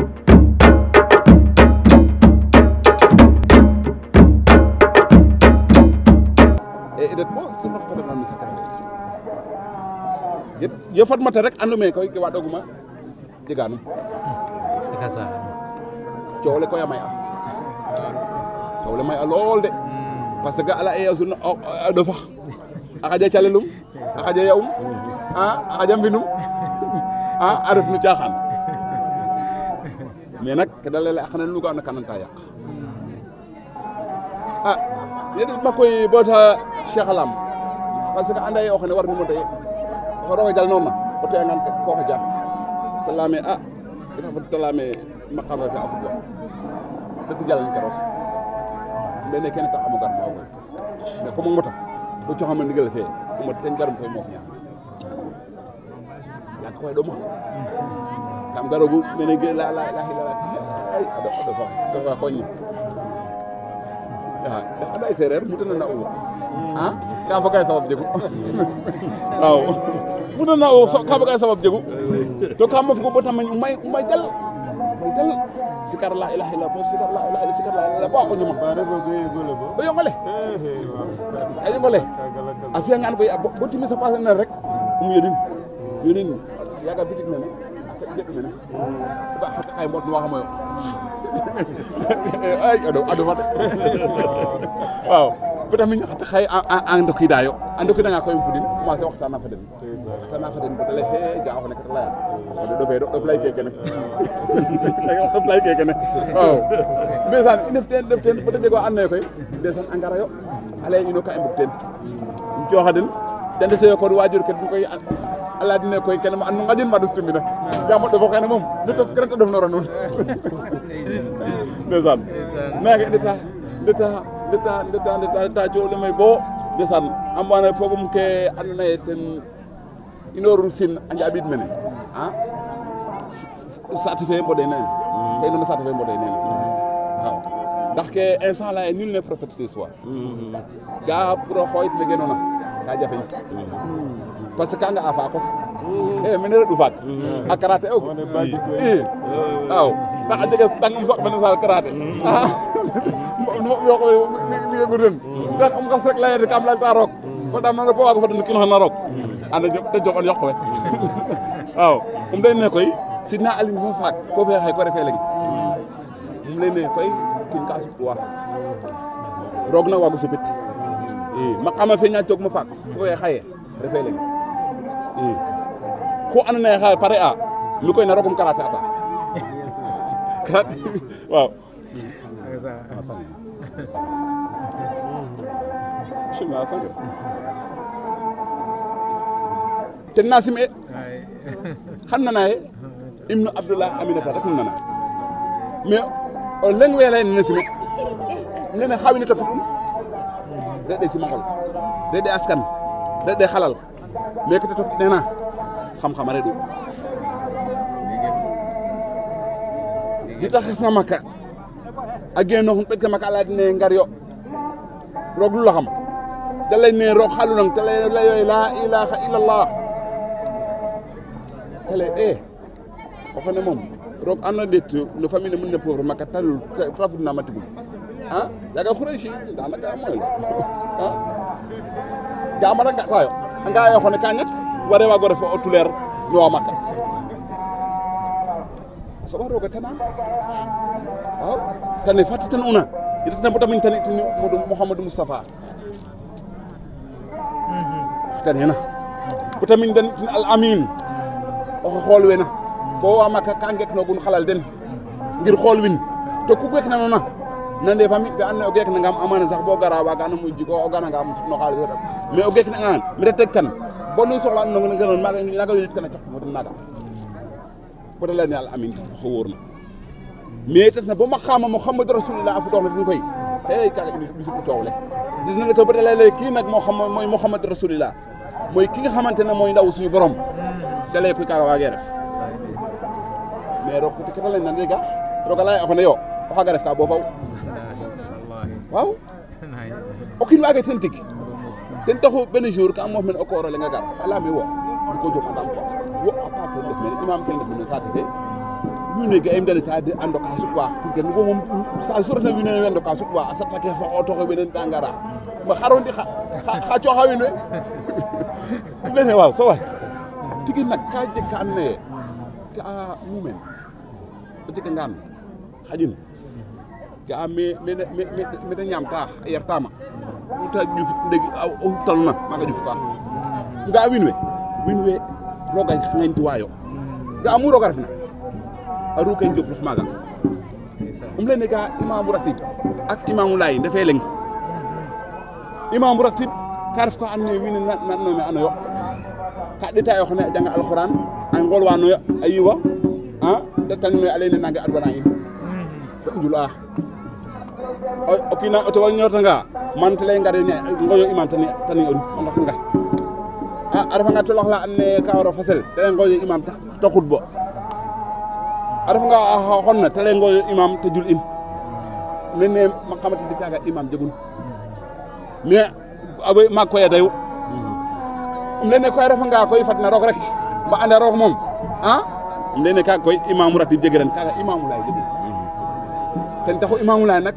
Eh, yo fodmata rek andume koy ke waɗooguma jeganum eka sa coow koy a may a coow le may a lool de parce que oh, oh, oh, a ley e o sun a ɗofax a calelum a xaƴa ya'um ah, a xaƴa mfinum ah, a ref no caaxaan mais nag ke da lele xana nu ga na kananta yaq a ah, ye ma koy bota cheikh parce que anda ye o xene war numo doye oxe roga jal nooma o ko xa a te leyame maqama fe a fudwa reti jalan ke roog mbene kene tax ndigal fe o mot ten garum koy moof ñaam kam garoogu mene ge la la la a ɗofa koñe anda sereer mute nana uwo ah, ka foga ye sabab jegu waaw mute nana uwo ka foga ye sabab jegu to ka mofugo bo tamañ umay umay dal umay dal sikar la ilaha illa bo sikar la ilaha illa sikar la ilaha bo a qoñuma o yongole a yongole a fiya ngan koy bo timis a passer na rek um yodin yodin yaga bitik nene njëkk bi nag. baax ay mbot nu wax ma yow. ay ado ado ma de waaw ba tax mi ñu xat xay en dokidayo a koy um fudin commencé waxtaan fa den waxtaan fa den bata lay xe ga oxe kata leya o ɗofee ɗo lay keke ne ɗof lay keke ne waaw ndeysaan i ndef teen ndef teen bata jeg wa andoona yee koy ndeysaan a ngarayo a ino ka i mbug teen cooxa den den to waajur ken koy aladine koy ken ma anu ngadin madus tumina jamo do fokene mom do to krenta do nora non ndesan meke ndeta ndeta ndeta ndeta ndeta ndeta jole may bo ndesan ambana fogum ke anuna ten inoru sin anja bid mene ha ah? satisfait mbode nene kay mm-hmm. non satisfait mbode instant la nul ne prophète ce soir mm-hmm. ga pro xoyit me genona ka jafeñ parce que kanga a faakof e mene reɗ'u faak a karaté og i aw ndax a jega tang um soɓ mene sal karaté moɓ yoq mi yegu den den um xas rek leyede kam lalta roog fo damano bo waago fadan kino xana roog anda te joɓan yoq we waaw um leyne koy sidna alim fo faak fo fe ko refe leng um leyne koy kin ka suptuwa roog na waago supit maqama feñatook mo faak fo we xaye refe leŋ i xu ando naye xaye pare a mi koy naro gom karate ata karate waaw simna sang na sim'e xan nana ye im no Abdoulaye Aminata rek nu nana mais o we leyna ne sim'e nene xawine topitum déedéet si maxol déedéet askan déedéet xalal mais ku topp nee na xam-xam du di xes na makka a geenoox um ɓek ta maka a ngar yo roog lula xam ta lay ne roog xalu nang ta layoye la ilaha illallah ta lay e o eh, moom roog andona ye ndeet no famille ne mi ne pauvre maka ta fafudnama tigum ah? yaga Qurayshi daanaka mooy la ah jaamana nga waayo anga yo xone ka ñak ware waago refo o tuleer ñowa makka a soɓa rooga tana waaw tane fati tan una i retna bata min tani tin Mouhamadou Moustapha oxe tanena bata min tani tin Al Amin oxe xool wena bo wa makka ka ngek nogun xalal den ngir xool win to ku gek na nona nande famille fe andoona yee o geekanangaam amaana sax bo gara waaga no moƴ jikoox o garanga um sutno xaalis rek mais o geeknangaan mi ta teg tan bo nu soxla nong maaga naaga yolit kana caq mo ten naaga bo ta layna alamin xo wóor na mais te na bo ma xaama Muhammadu Rasulullah a futoox na den koy e kaaga in ɓisu o coow le dena koy bo ta lay kii nag mooy Muhammadu Rasulullah mooy ki nga xamante ne mooy ndaw suñu borom da lay koy kaaga waagee ref mais roog kete na ndega roog a lay axone yo o xaaga ref ka faw waaw o kiin waaga ten tig ten taxu benn jour ka moof mene o koor ole nga gar a leyaame wo ndiko jom andam quoi wo a pa ken ndef mene imam ken ndef mene saate fe wiin we ga i ndaleta de a ndoka suɓwa ken wo moom sa su refna wiin we a ndoka suɓwa a sarta ke fo otoxe wene ta ngara ma xaro ndi xa cooxa wiin we lene waaw so waay tigi nak ka jeg ka andoona yee ka mumeen o jegangaan xaƴin ga a mete ñaamta a yertama ta ƴufit ndeg o xutaluna maga ƴufta ga wiin we wiin we roga ŋañtuwayo ga amu roga refna a maga um leyne ka imam ratib ak imam lay ndefe leng Imam ratib ka ref ka ando na na na na ya, ah, me ka ɗeta yo xene janga alquran a ngolwanoyo a yiwa a ɗetanoyo a leyne nange adwana in jul a o kiina o tewa ñootanga man te leyanga den ngoyo iman tani o ndax nga ah, a refanga tolax and naye ka waro fasel te ley ngoyo imam te xudbo a refanga xa xon na te ley ngoyo imam jul in mene ma xamata di kaga imam jegun mais awe maag koy a dayu nene koy refanga koy fatna roog rek mba anda roog moom a ah? nene kaga koy imamu ratib jegiran kaga imamu lay jegun ten taxu imamu lay nak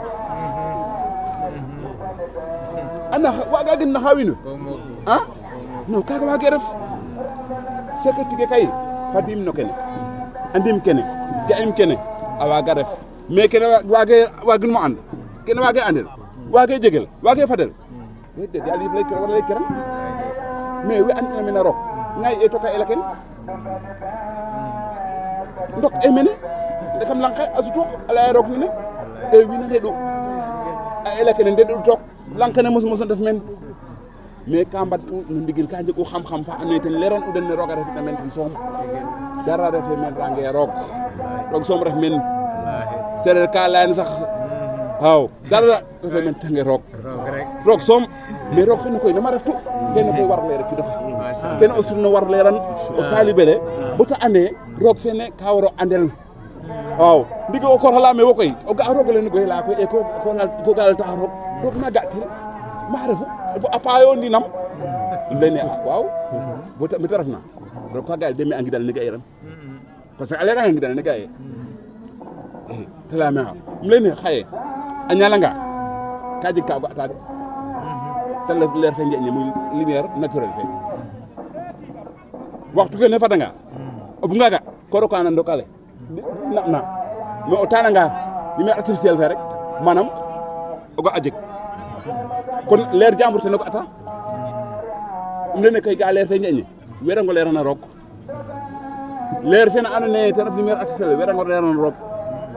ana waga gin na hawinu ah no kaga waga ref sekati ke kay fadim no kene andim kene ja im kene awaga ref mais kene waga wagin mo and kene waga andel waga jegel waga fadel de de ali flay kran wala kran mais we andina mina rok ngay e toka ela ken ndok e mene de kam lankay asuto ala rok ni ne e wi na de do a ela ken de do tok lank ne mosuma so def men mais kambat no ndigil ka jeg u xam-xam fa andoona ten leeran u den ne roog a refna meen ten soom dara refe meen roog roog soom ref roog roog soom mais roog fene koy nama reftu kene koy war leere kidoxe o surno war leeran o taalibe le bo ta roog fene ka war o andel waaw ndiki o koor wo koy o ga'a roog ole no goy laya koy e ko ga' taxa roog ɗo ah, ɗum a gaɗtino maare fo fo a paayo ndinam ɗum leyne a waaw mi tarafna donc ka gaye demi angidal nega eran par ce que a leera he ngidal nega e eh, te leyame xa um leyne xaye a ñalanga ka jeg ka ga'ta de te leer fe njeƴne muy lumière naturel fe waxtu fene fadanga o buga ga ko roka na ndokale naɓ na mais o tananga lumière artificiel fe rek manam o ga a jeg kon leer jàmbur te ne ko ata um lene kay ga leer fe ñeñe werango leerana roog leer fene andoona yee ten ref lumière artificielle werango leerana roog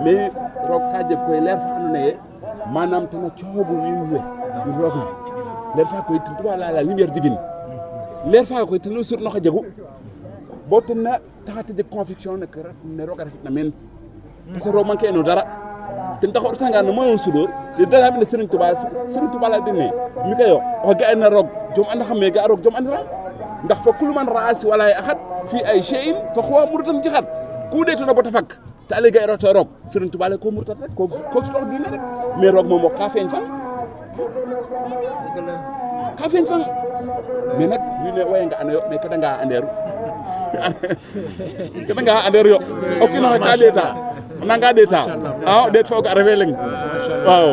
mais roog ka jeg koy leer fa andoona yee manam tena coogu wiin we wiin rooga leer fa koy ten tuba la lumière divine leer fa koy teno surnoxa jegu bo ten na taxa ta jeg conviction ne que ref ne rooga refitna meen parce que roog manquer no dara tinta horta nga no mayon sudur de dara bin sirin tuba sirin tuba la dinne mi kayo o ga en rog jom anda xamé ga rog jom anda ndax fa kullu man raasi wala ahad fi ay shay'in fa huwa murtan jihad ku de to na bota fak ta ale ga roto rog sirin tuba la ko murtan rek ko ko su tok dinne rek mais rog momo ka fen fa ka fen fa mais nak ñu ne way nga anayo mais kada nga anderu kada nga anderu yo okina ka deta nanga ɗeeta a ɗeet fa o ga refe leŋ waaw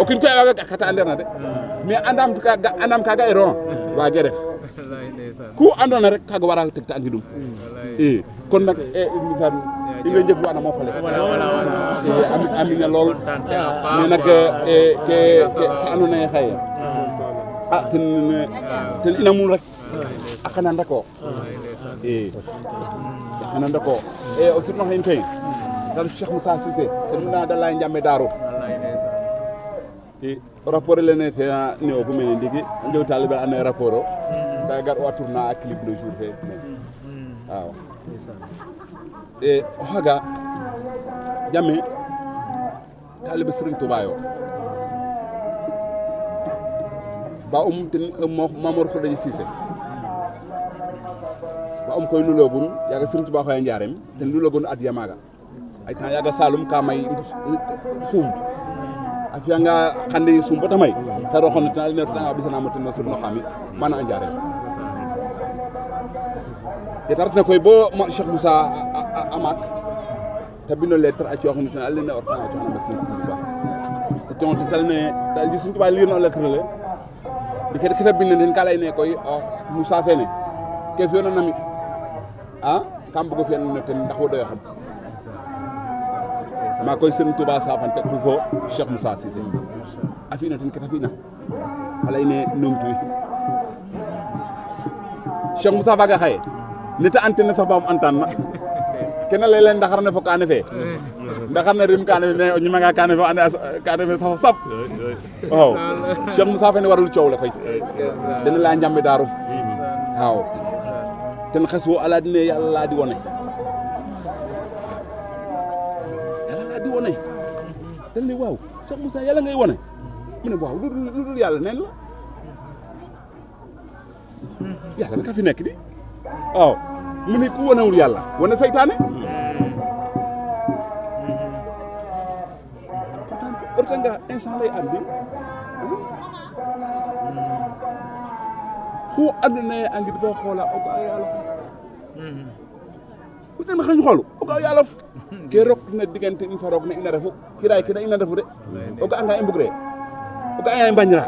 o kiin koy a waaga ga kata anderna de mais andam kaga ero waage ref ku andoona rek kaaga wara teg ta angidum hmm, i eh, kon nak misan in way njeg wana moof ale a miña lool mais nak ke andoona yee xaye a ten ten ina rek a qanan rek o enanda ko e o sirno hen toy tan cheikh moussa sisé tan mina dalla jamme daaro i e, rapport lene te ne o gumene ndiki a ndew taliɓe anda rapport o gar owa tourna a clip le jour fe mene waaw e o xaga jamme taliɓe ba o mum ten moox um, mamor fodaji om koy lulogun yaga Serigne Touba xoya njarem ten lulogun ad ya maga ay temps yaga Saloum ka may suum a fiya nga xande suum bata may te roxon tena ne tanga bisana a njarem yeta retna koy bo Cheikh Moussa a maak te bino lettre a cooxin tena o tanga le ndike rek kete bind nen ka ley ne koy Moussa fene ke fiyona nami ah kam bugo fiyan no ten ndax wo xam ma koy Serigne Touba safante tu fo Cheikh Moussa Cissé a fina ten kete fina a ley ne numtuy Cheikh Moussa faga xaye nete antenne sax baam antaan na kena ley leen ndaxar ne fo kaane fe ndaxar ne rim kaane fe mais o ñimanga kaane fe ande kaane fe safo sap waaw Cheikh warul coow le koy dena leya njambe daarum waaw ten xeswo ala dine yàlla laa di wone yàlla laa di wone dañ waaw Cheikh Moussa yàlla ngay wone mu waaw lu dul yàlla neen la yàlla fi nekk di waaw mu ne ku wonewul yàlla wane saytaane pourtant nga instant lay am ku andonaye angi dafa xoola o ga yaalof ku ten xañ xool o ga yaalof ke rok na diggante in fa na ina refu kiray ke na ina refu de o ga anga i mbug re o ga anga i mbañra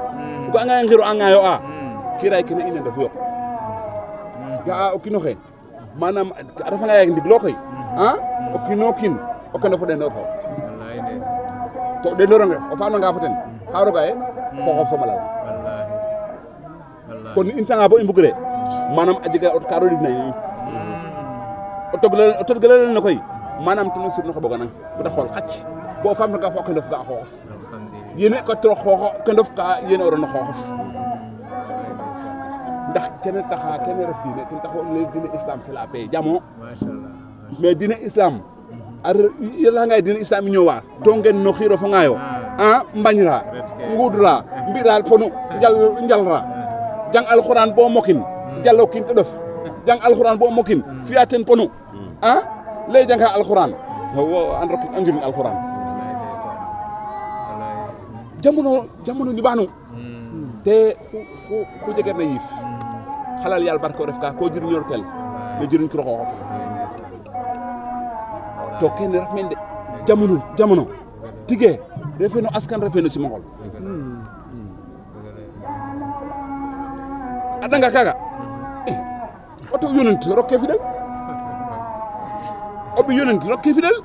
o ga anga i ngiro a ŋaayo a kiray ke na ina refu yo ga'a o kiino xe manam a refa nga ndigilo koy a o kiino kiin o kene fo ɗendoor fo to o ɗendooranga o faamnanga fo ten xa roga ye xoxof soma lala kono in tanga bo i manam a jega ka roɗig na in o todgalalel no koy manam teno surno xe boganang bata xool xac bo o faam ranga fo o kendof a xooxof yene ka toro xooxo kendof ka yene o rono xooxof ndax kene taxa kene ref diine ten taxu le diine islam c'est la paix jamo mais diine islam a leyanga diine islam i ñoowa to ngen no xiiro ah, mbañra nguudra mbiral ponu njalra jang alquran bo mokin hmm. jallo kin to def jang alquran bo mokin hmm. fiaten ponu hmm. ah lay jang alquran wo an rokki anjurin alquran jamono jamono ni banu te ku ku jege na yif xalal yal barko def ka ko juriñ ñor tel nga juriñ ko xof to ken rek men de jamono jamono tigé askan refenu ci mongol a ɗanga kaga oto yonanti rokke fidel oɓe yonanti rokke fidel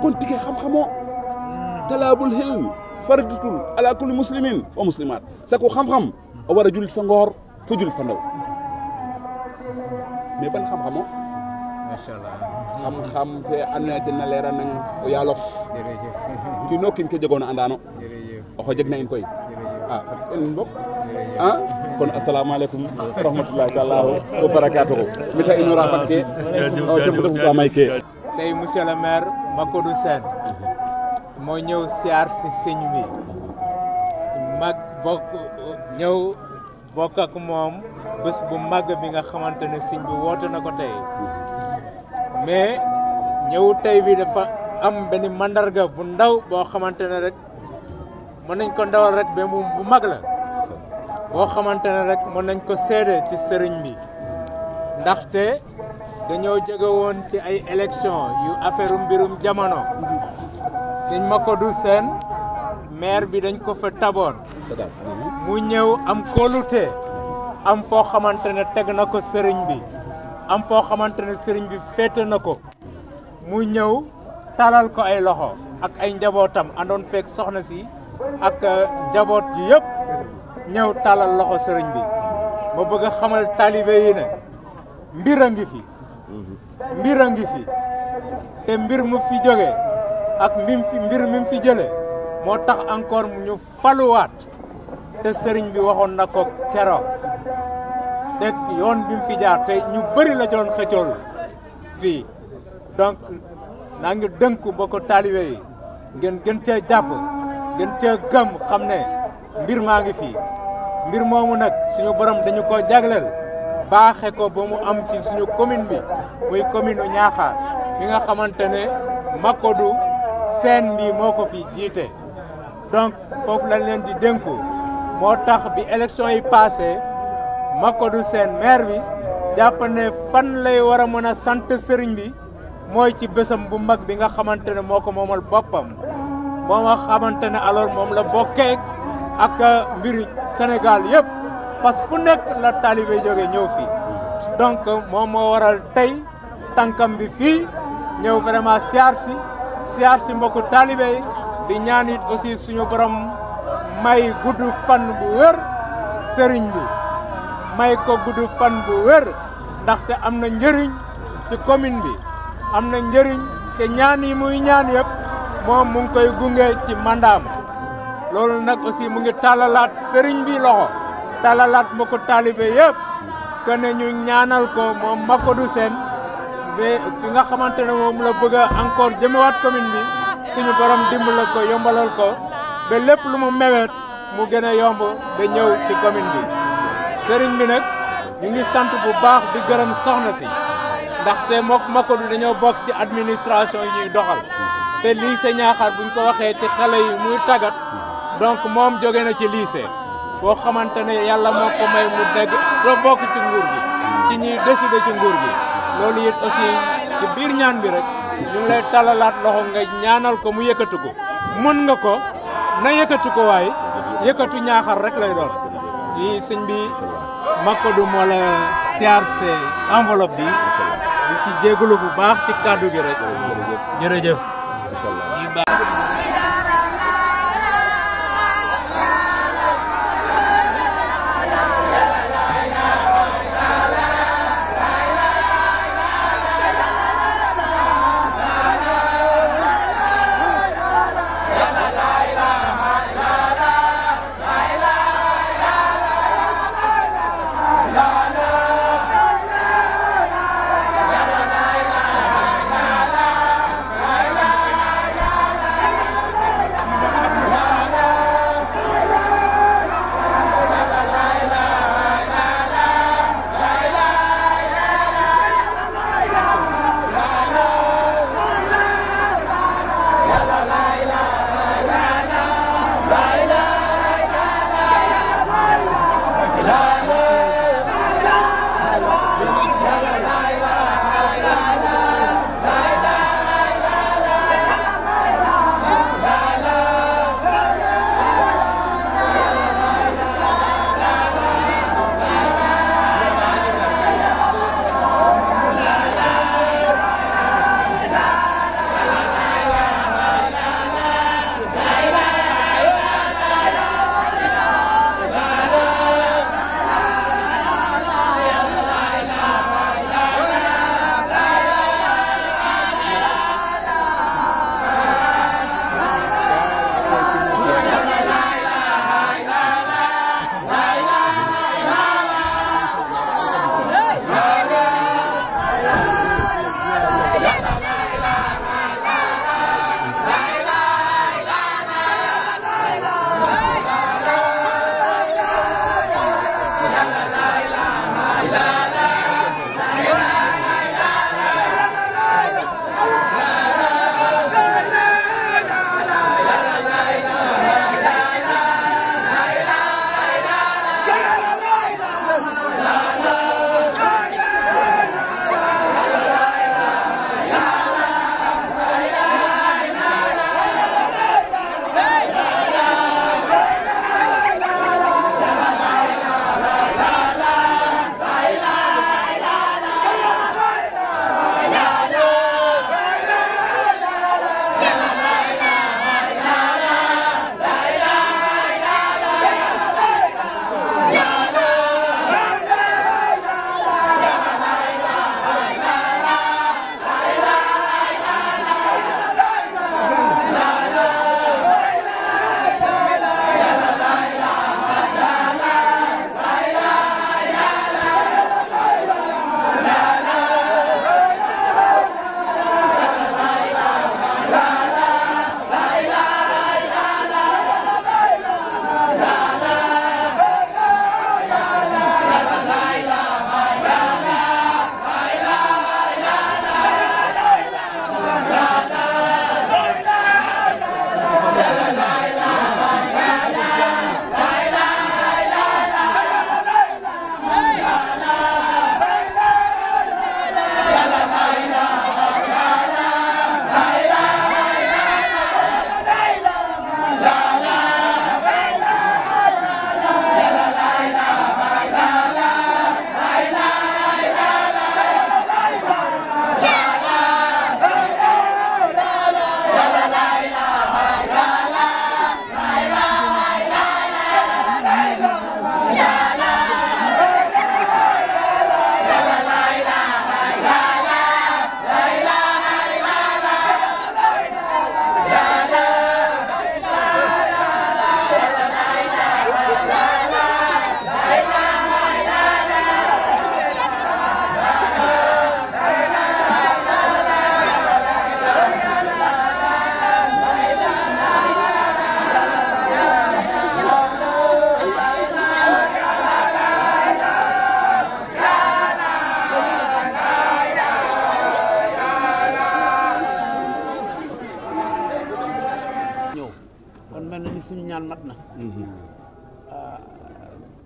kon tike xam-xam o talaabul hilm fardatul ala kulli muslimin wa muslimat saku xam-xam o war a julit fa ngoor fa julit fa ndaw mais ban xam-xam o xam-xam fe andoona yee ten na leera nang o yaalof kino kiin ke jegoona andaano o xojeg na in koy a ah, fat i in mbok a ah, kon assalamualeykum wa rahmatullahi taala wa barakatuhu mete inora fag ke tempo ke tey monsieur le maire Macodou Sène moo ñëw siyaar si sëñ bi mag ñëw bokk ak moom bés bu màgg bi nga xamante ne sëñ bi woote na ko tey mais ñëw tey bi dafa am benn mandarga bu ndaw boo xamante ne rek mën nañ ko ndawal rek mais moom bu mag la boo xamante ne rek mën nañ ko seede ci sëriñ bi ndaxte dañoo jege woon ci ay élection yu affaire mbirum jamono sëñ Makodou Sène maire bi dañ ko fa taboon mu ñëw am kóolute am foo xamante ne teg na ko sëriñ bi am foo xamante ne sëriñ bi féete na ko mu ñëw talal ko ay loxo ak ay njabootam àndoon fekk soxna si ak euh, jaboot ji yépp ñëw tàllal loxo sëriñ bi ma bëgg a xamal taalibe yi mbir a fi mbir a ngi fi te mbir mu fi jógee ak mbir fi mbir mi mu fi jëlee moo tax encore mu ñu faluwaat te sëriñ bi waxoon na ko keroog te yoon bi fi jaar te ñu bëri la doon xëccool fii donc naa ngi dënku ba ko taalibe yi ngeen gën cee jàpp gën gam gëm xam mbir ma ngi fi mbir momu nak suñu borom dañu ko jaglal baxé ko ba mu am ci suñu commune bi muy commune ñaaxa bi nga xamantene ne Makodou bi moko fi jité donc fofu lañ leen di dénku moo bi élection yi passé makodu sen maire bi jàpp fan lay wara mëna sante bi moy ci bëssam bu mag bi nga xamantene ne momal bopam moo nga alors mom la bokke ak mbir Sénégal yëpp parce fu nek la talibé jogé ñew fi donc mom mo waral tay tankam bi fi ñew vraiment siar si siar si mbokku talibé di ñaan it aussi suñu borom may gudd fan bu wër sëriñ bi may ko gudd fan bu wër ndax am na ñëriñ ci commune bi am na te ñaan yi muy ñaan yëpp mom mu ngi koy gunge ci mandam loolu nak aussi mu ngi talalat serigne bi loxo talalat moko talibé yépp yëpp ne ñu ñaanal ko mako du sen ba fi nga xamante ne moom la bëgg encore encore wat commune bi suñu borom dimbala ko yombalal ko ba lépp lu mu mewet mu gëna yomb ñëw ci commune bi serigne bi nak ñu ngi sant bu baax di gërëm soxna si ndaxte mako du dañoo bok ci administration yi ñuy doxal te lycée Niakhar buñ ko waxee ci xale yi muy tàggat donc moom jóge na ci lycée boo xamante ne yàlla moo ko may mu dégg doo bokk ci nguur gi ci ñuy décider ci nguur gi loolu it aussi ci biir ñaan bi rek ñu ngi lay talalaat loxo nga ñaanal ko mu yëkkatu ko mën nga ko na yëkkatu ko waaye yëkkatu Ñaaxar rek lay doon lii sëñ bi Makodou du mole siyaar enveloppe bi di ci jégalu bu baax ci kàddu gi rek jërëjëf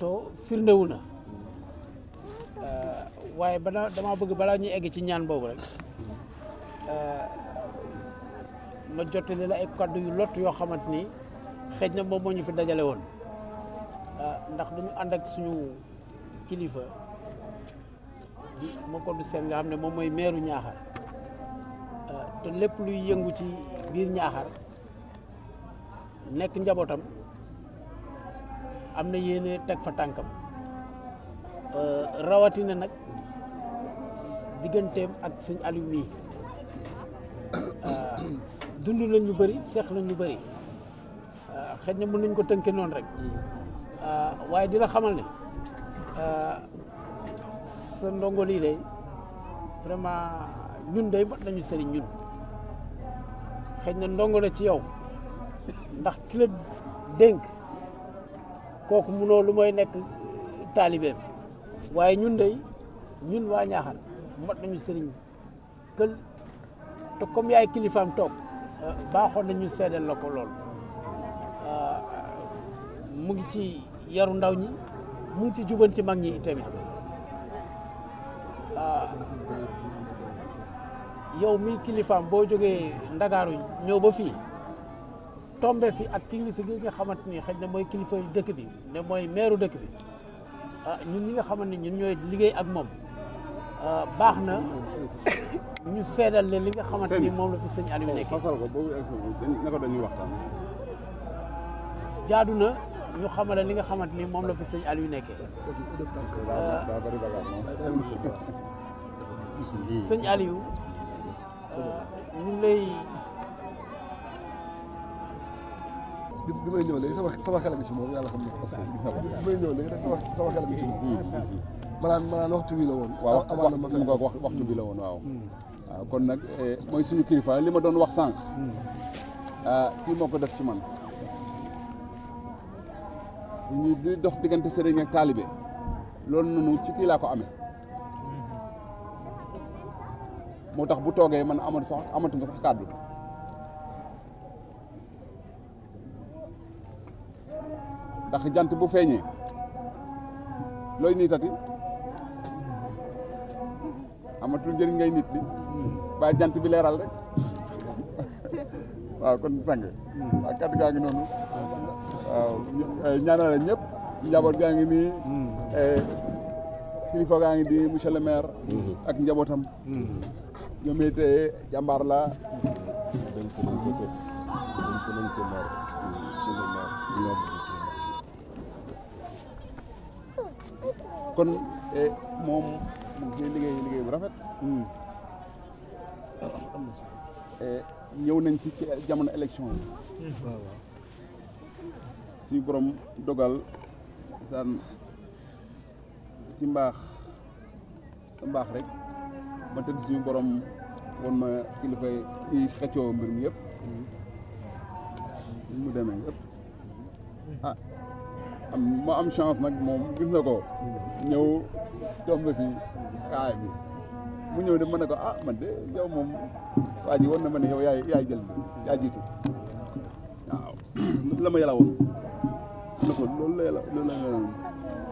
toppatoo firndewu na euh, waaye bana dama bëgg balaa ñuy egg ci ñaan boobu rek euh, ma jottali la ay kaddu yu lot yoo xamante ni xëj na moom moo ñu fi dajale woon euh, ndax dañu ànd ak suñu kilifa di Makodou Sène nga xam ne moom mooy meeru Ñaaxar te lépp luy yëngu ci biir Ñaaxar nekk njabootam am na yéene teg fa tànkam euh, rawatina nag digganteem ak sëñ Aliou mii euh, dund nañ ñu bëri seex nañ ñu bëri euh, xëy na mën nañ ko tënkee noonu rek waaye di la xamal ne sa ndongo lii day vraiment ñun day bat nañu sëriñ ñun xëy na ndongo la ci yow ndax ki la kooku munoo lu mooy nekk taalibeem waaye ñun dey ñun waa ñaaxal mot nañu sëriñ kël te comme yaay kilifaam toog euh, baaxoon nañu seedeel la ko lool euh, mu ngi ci yaru ndaw ñi mu ci juban ci mag ñi itamit euh, yow mi kilifaam boo jógee ndagaaru ñëw ba fii tombe fi ak kilifa gi nga xamante ni xëy na mooy kilifa dëkk bi ne mooy meeru dëkk bi ah ñun ñi nga xamante ni ñun ñooy liggéey ak moom ah, baax na ñu seedal leen li nga xamante ni moom la fi sëñ Aliou nekk jaadu na ñu xamale li nga xamante ni moom la fi sëñ Aliou nekkee ah. sëñ Aliou ah, ñu lay bi may ñëw léegi sama sama xel bi ci moom yàlla xam ne parce que bi may ñëw léegi sama sama xel bi ci moom maanaam mm, mm, mm, maanaam waxtu wi la woon waaw amaana ma fekk waxtu bi la woon waaw kon nag eh, mooy suñu kilifa li ma doon wax sànq ah, kii moo ko def ci man ñu di dox diggante sëriñ ak taalibe loolu noonu ci kii laa ko ame mm-hmm. moo tax bu toogee man amatu sax amatu sax kàddu ndax jant bu feeñee looy niitati amatul njëriñ ngay nit li ba jant bi leeral rek waaw kon sang waaw kàddu gaa ngi noonu waaw eh, ñaanal ñëpp njaboot gaa ngi nii eh, kilifa gaa ngi di monsieur le maire ak njabootam ñoom it eh, jàmbaar la dénk nañ ko dénk nañ ko maire kon eh, moom mu ngi liggéey liggéey bu rafet. Hmm. Eh, ñëw nañ si ci jamono élection yi. waaw hmm. borom dogal saan ci mbaax mbaax rek ma tëdd suñu borom won ma kilifa yi xëccoo mbir mi yëpp. Hmm. mu demee yëpp ah, am ma am chance nag moom gis na ko ñëw doom la fii kaay mu ñëw de ma ne ko ah man de jaw moom waa ji war na ma ne yow yaay yaay jël ma yàlla woon na ko loolu la la yàlla woon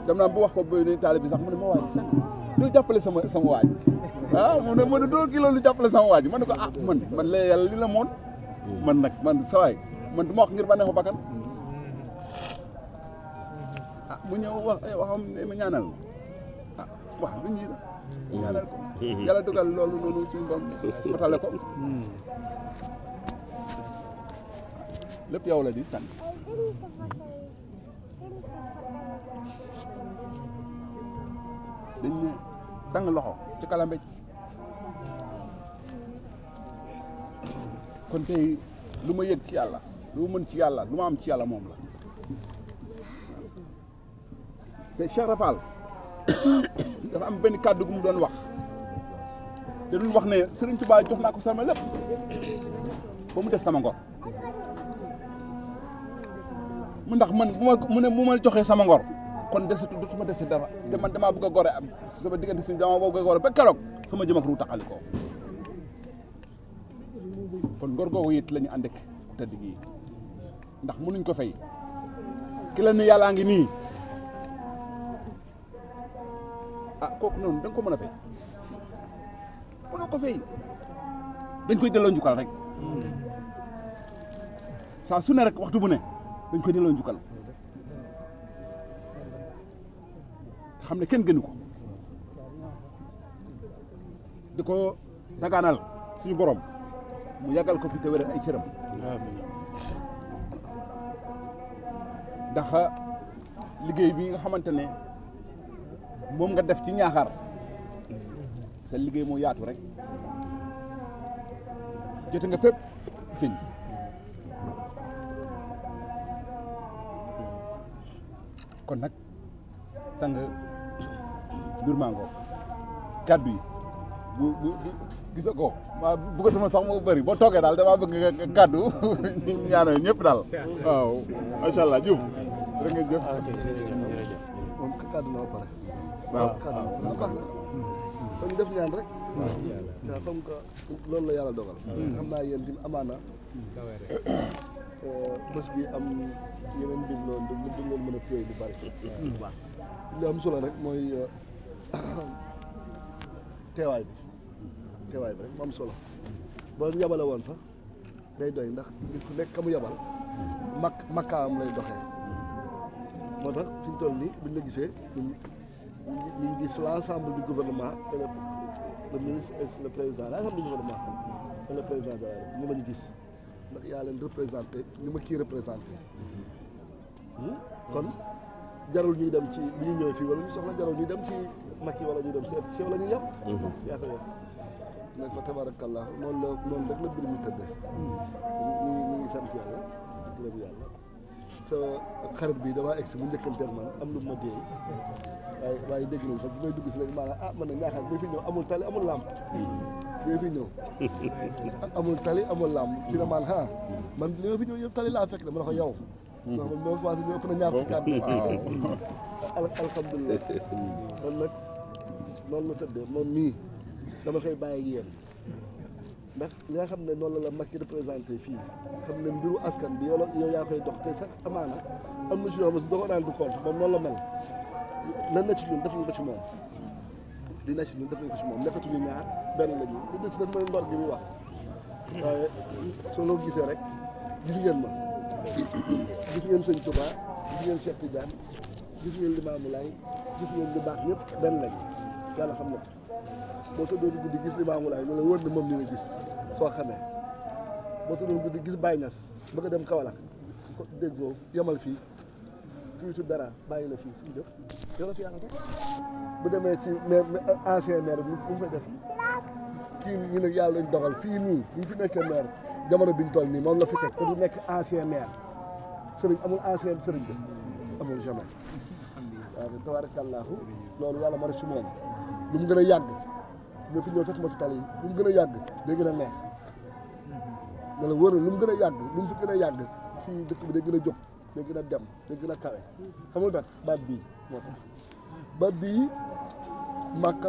dem naa bu wax ko bay ne taali bi sax mu ne ma waaj sax doo jàppale sama sama waaj ah mu ne ma ne doo kii loolu jàppale sama waaj ma ne ko ah man man la yàlla la moon man nag man sawaay man du ma wax ngir bànneexu bakkan mu ñëw wax eh, waxam ne ma ñaanal ah mm-hmm. dogal loolu noonu suñu borom matale ko mm-hmm. lépp yow la di sant dañ ne tàng loxo ci kalambej kon tey lu ma yëg ci yàlla lu ma mën ci yàlla lu ma am ci yàlla moom la te Cheikh Rafal dafa am benn kàddu gu mu doon wax te wax ne Sëriñ Tuubaa jox naa ko sama lépp ba mu des sama ngor mu ndax man bu ma mu ne bu ma joxee sama ngor kon desatu dootuma dese dara dama man damaa bëgg a gore am sama diggante si dama bëgg a ba keroog sama jëm ak ru taxali kon ngor googu it lañu ñu ànd ak tëdd gi ndax mënuñ ko fay ki la ne yàllaa ngi nii a ah, kooku noonu da ko mën a fay mënoo ko fay dañ koy delloo njukkal rek saa su ne rek waxtu bu ne dañ koy delloo njukkal xam ne kenn gënu ko di ko dagaanal suñu borom mu yàggal ko fi te ay cëram ndax liggéey bi nga xamante ne mom nga def ci ñaaxar sa liggéey mo yaatu rek jote nga fep fiñ kon nak sang mbir ma ngo kaddu yi bu bu gisa ko waaw bëggatuma sax mo bari bo toogee dal dama bëgg nga kaddu ñaanal ñepp dal waaw macha allah Diouf da ngeen jëf ah, kaddu pare waaw waaw baax na hmm. kon def ñaan hmm. loolu la yàlla dogal. Hmm. xam naa yéen tamit amaana. Euh, bés bi am yeneen mbir loolu mën a téye bu bari. li am solo rek mooy euh, teewaay bi. teewaay bi rek mu am solo. boo yabale woon sax day doy ndax nit ku nekk kamu yabal. mak makkaam lay doxee. moo tax fi mu toll nii buñ la gisee. ñu ngi gis l'ensemble du gouvernement et le ministre et le président l'ensemble du gouvernement et le président de la République gis ndax yaa leen représenté ñu ma kii représenté hmm? kon jarul ñuy dem ci bu ñu ñëw fii wala ñu soxla jarul ñuy dem ci Macky wala ñuy dem seet si wala ñuy yem mhm. yaa ko yor nag tabarakallah noonu la noonu rek la mbir mi tëddee hmm. ñu ngi sant yàlla gërëm yàlla sa xarit bi damaa egsi mu njëkkanteel man am lu mu ma dee waaye waaye dégg nañ fa bu may dugg si léegi maanaam ah man na ñaaxaar bi fi ñëw amul tali amul làmp bi fi amul tali amul làmp ci na maan ah man li ma fi ñëw yëpp tali laa fekk de ma ne ko yow hmm. a man moo passé ñu ëpp na ñaar fukki at hmm. alhamdulilah kon nag loolu la tëddee moom mii dama koy bàyyi ak ndax ñaa xam ne noonu la la Macky représenté fii xam ne mbiru askan bi yow la yow yaa koy dox te sax amaana am na si yoo xam ne da ko daan du compte moom noonu la mel lan na ci ñun def nañ ci moom di na ci def ci moom nekkatuñu ñaar benn la ñu li des nag mooy ngor gi waaye soo loo gisee rek gis ngeen ma gis ngeen sëñ Touba gis ngeen Cheikh Tidiane gis ngeen li Laay gis ngeen li ñëpp benn lañ yàlla xam na boo ko doon guddi gis li Maamu Laay ñu wër ne moom ni nga gis soo xamee boo tëddul guddi gis Baye Niass bëgg dem Kaolack ko déggoo yemal fii tuuti dara bàyyi la fii fu mu fi yàlla def bu demee ci maire ancien maire bi lu mu fay def kii ñu ne yàlla lañ dogal fii nii bu ñu fi nekkee maire jamono bi ñu toll nii moom la fi teg te du nekk ancien maire sëriñ amul ancien sëriñ bi amul jamais waaw tabaarakallaahu loolu yàlla ma def ci moom lu mu gën a yàgg lu fi ñëw fekk ma fi tali lu mu gën a yàgg day gën a neex ne la wóor na mu gën a yàgg lu mu fi gën a yàgg fii dëkk bi day gën a jóg day a dem day gën a kawe xamul tax baat bii moo tax baat bii màkka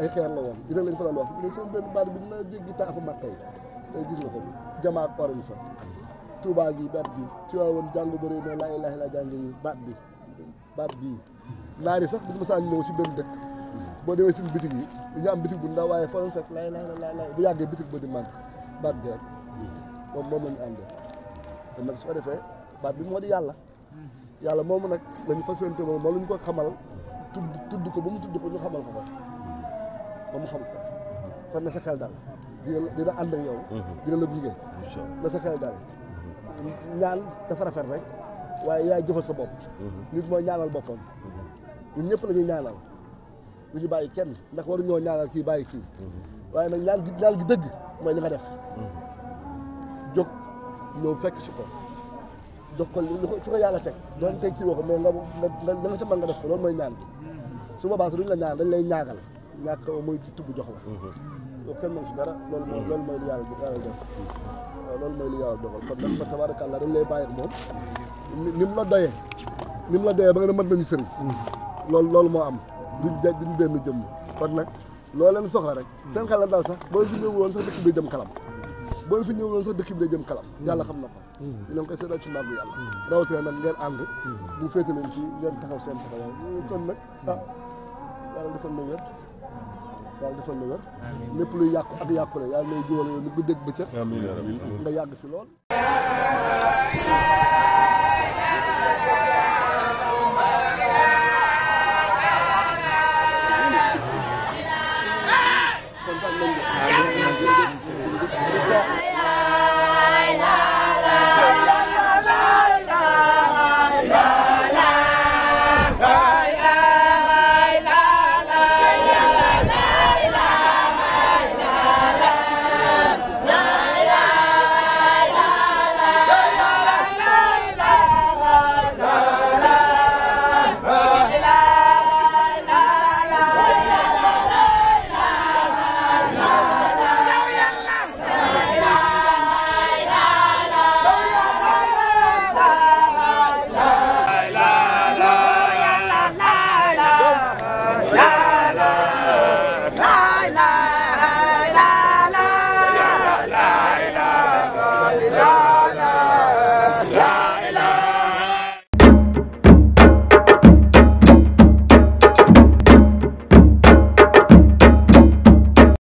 ay xeer la woon dina la wax ne benn baat bi dina jéggi taafu màkka yi day eh, gis ko jamaak orin fa tuubaa gi baat bi ci waa woon jàng bëri ne laa jàng baat bi baat bii naar yi sax bu masaan ñëw si benn dëkk boo demee si bitig yi dañu am bitig bu ndaw waaye fa fekk laay laay laay bu yàggee bitig ba di màgg baat bi rek moom moom la ñu àndee kon defee baat bi moo di yàlla yàlla moomu nag lañu ñu fas yéene moom lu ñu ko xamal tudd tudd ko ba mu tudd ko ñu xamal ko ko moom xam ko kon na sa xel daal dina dina ànd ak yow. Mhm. dina la gunge. na sa xel daal mhm. ñaan dafa rafet rek waaye yaay jëfal sa bopp. Mhm. nit mooy ñaanal boppam. ñun ñëpp la ñuy ñaanal lu ñu bàyyi kenn ndax ñoo ñaanal kii bàyyi kii waaye nag ñaan gi mooy li nga def. jóg ñëw fekk si ko. jox ko li ko fi ko yàlla teg doon tey kii woo ko mais nga nga nga nga sa mën nga def ko loolu mooy ñaan bi su boobaa su duñ la ñaan dañ lay ñaagal ñàkk mooy ci tubb jox la. Mhm. loolu dara. loolu mooy mhm. loolu mooy li yàlla yàlla def waaw mooy li yàlla dogal kon nag fa tabaarakàlla dañ lay bàyyi ak moom ni mu la doyee ni mu la doyee ba nga ne mën nañu sëriñ. Mhm. loolu loolu moo am. duñ de duñ jëmm kon nag. loolu leen soxla rek seen xel la daal sax boo fi ñëwuloon sax dëkk bi jëm boo fi ñëwuloon sax dëkk bi day jëm kalam yàlla xam na ko dina koy seetal ci màggu yàlla rawatina nag ngeen ànd bu féete leen ci ngeen taxaw seen taxawaay kon nag ah yàlla defal na wér yàlla defal na wér lépp luy yàqu ak yàqu la yàlla lay jiwal yoon lu guddeeg bëccëg nga yàgg fi lool